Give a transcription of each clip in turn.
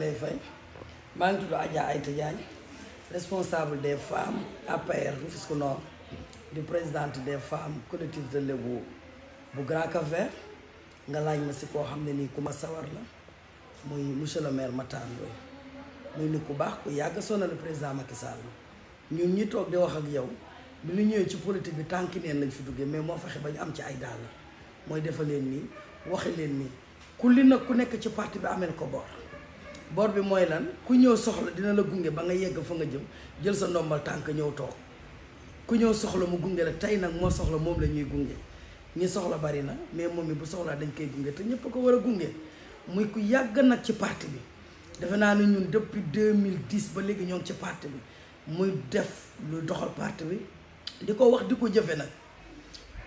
lay fay maa ngi tudd Adja Aïta Diagne responsable des femmes APR Rufisque Nord di présidente des femmes collectif de Lebo bu Grand cap nga laaj ma si koo xam ne nii ku ma sawar la muy monsieur le maire Matar Ndoye muy nit ku baax ku yàgg sonal président Macky Sall ñun ñi toog di wax ak yow bi ñu ñëwee ci politique bi tànki neen lañ fi duggee mais moo fexe ba ñu am ci ay dàll mooy defa leen nii waxe leen mii ku li nag ku nekk ci parti bi ameel ko bor bor bi mooy lan ku ñëw soxla dina la gunge ba nga yegg fa nga jëm jël sa ndombal tànk ñëw toog ku ñëw soxla mu gunge la tey nag moo soxla moom la ñuy gunge ñi soxla bari na mais moom mi bu soxlaa dañ koy gunge te ñëpp ko war a gunge muy ku yàgg nag ci parti bi defe naa ne ñun mille 2010 ba léegi ñoo ci parti bi muy def lu doxal parti bi di ko wax di ko jëfe nag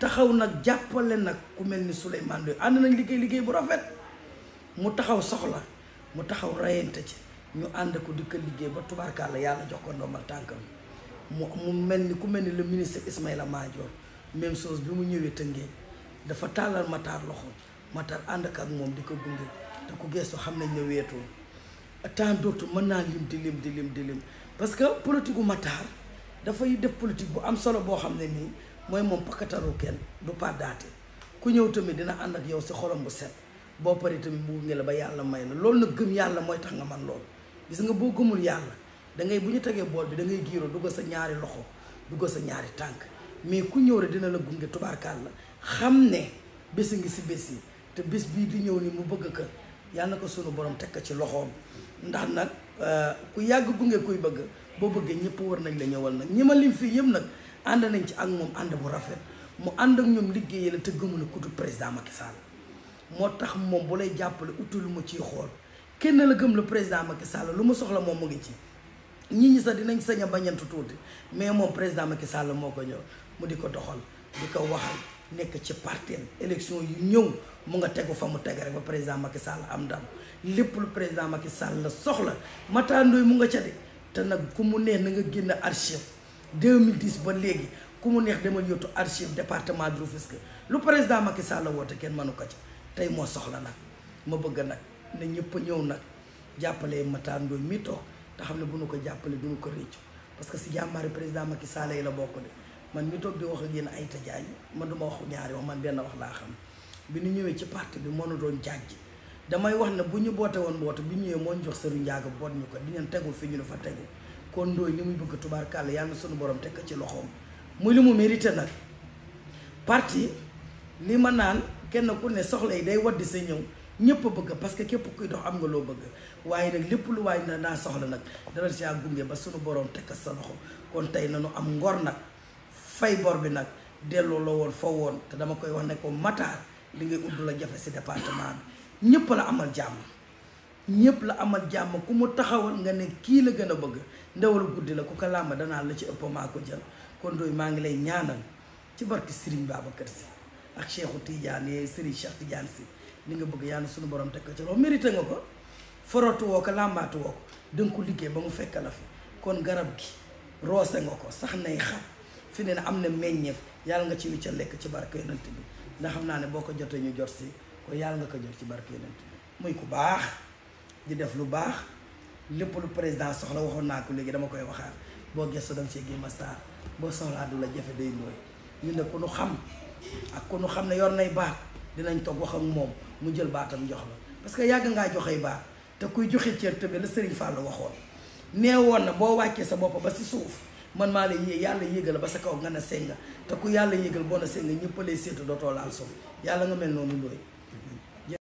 taxaw nag jàppale nag ku mel ni Souleymane Ndoye ànd nañ liggéey liggéey bu rafet mu taxaw soxla mu taxaw rayante ci ñu ànd ko di ko liggéey ba tubaarkàlla yàlla jox ko ndombal tànkam mu mu mel ni ku mel ni le ministre Ismaïla Madior même chose bi mu ñëwee Tëngéej dafa tàllal Matar loxo Matar ànd ak moom di ko gunge te ku geestu xam nañ ne weetoo tant d'autres mën naa lim di lim di lim di lim parce que politique gu Matar dafay def politique bu am solo boo xam ne nii mooy moom pakkataru kenn du pàddaate ku ñëw tamit dina ànd ak yow si xolom bu set. boo paree tamit mbuub ne la ba yàlla may la loolu nag gëm yàlla mooy tax nga man loolu gis nga boo gëmul yàlla dangay bu ñu tegee bool bi da ngay giiroo dugg sa ñaari loxo dugg sa ñaari tànk mais ku ñëw rek dina la gunge tubaarkaal la xam ne bés ngi si bés yi te bés bii di ñëw ni mu bëgg ka yàlla na ko sunu borom teg ko ci loxoom ndax nag euh, ku yàgg gunge kuy bëgg boo bëggee ñëpp war nañ la ñëwal nag ñi ma lim fii yëpp nag ànd nañ ci ak moom ànd bu rafet mu ànd ak ñoom liggéeyee la te gëmu na président Macky Sall moo tax moom bu lay jàppale utu lu mu ciy xool kenn la gëm le président Macky Sall lu mu soxla moom mu ngi ci ñit ñi sax dinañ sañ a bañantu tuuti mais moom président Macky Sall moo ko ñëw mu di ko doxal di ko nekk ci parten élection yu ñëw mu nga tegu fa mu teg ba président Macky Sall am ndam lépp lu président Macky Sall la soxla mataandooy mu nga ca de te nag ku mu neex na nga génn archive 2010 ba léegi ku mu neex demal yottu archive département de Rufisque lu président Macky Sall la woote kenn mënu ko ci tey moo soxla nag ma bëgg nag na ñëpp ñëw nag jàppale mataan Ndoye mi te xam ne bu nu ko jàppale du nu ko réccu parce que si jàmbaari président Macky Sall yi la bokk de man mi toog di wax ak yéen ay tajaay man duma waxu ñaari wax man benn wax laa xam bi nu ñëwee ci parti bi moo nu doon jàjj damay wax ne bu ñu boote woon boote bi ñëwee moo ñu jox sëru njaaga boot ñu ko di ngeen tegul fi ñu ne fa tegul kon Ndoye li muy bëgg tubaar yàlla na sunu borom teg ci loxoom muy li mu mérité nag parti li ma naan kenn ku ne soxla yi day waddi sa ñëw ñëpp a bëgg parce que képp kuy dox am nga loo bëgg waaye nag lépp lu waaye na naa soxla nag dana caa gunge ba suñu borom teg sa loxo kon tey nu am ngor nag fay bor bi nag delloo la woon foo woon te dama koy wax ne ko li ngay udd la jafe si département bi ñëpp la amal jàmm ñëpp la amal jàmm ku mu taxawal nga ne kii la gën a bëgg ndewal guddi la ku ko làmb danaa la ci ëpp maa ko jël kon doy maa ngi lay ñaanal ci barki Serigne ak Cheikhu tiijaan yeeg Serigne Cheikh Tidiane si li nga bëgg yàlla suñu borom teg ko ci loolu mérité nga ko forootu woo ko làmbaatu woo ko danga liggéey ba mu fekk la fi kon garab gi roose nga ko sax nay xam fi ne am na meññeef yàlla nga ci ca lekk ci barke yonent bi xam naa ne boo ko jotee ñu jot si kon yàlla nga ko jot ci barke yonent bi muy ku baax di def lu baax lépp lu président soxla waxoon naa ko léegi dama koy waxaat boo gëstu danga see gémma star boo soxlaa du la jafe day nooy ñu ne ku nu xam ak ku nu xam ne yor nay baax dinañ toog wax ak moom mu jël baatam jox la parce que yàgg ngaa joxey baat te kuy joxe cër tamit la Serigne Fall waxoon nee woon na boo wàccee sa bopp ba si suuf man maa la yé yàlla yégal ba sa kaw nga ne senga te ku yàlla yégal boo na senga ñëpp a lay séetu dootoo laal suuf yàlla nga mel noonu looy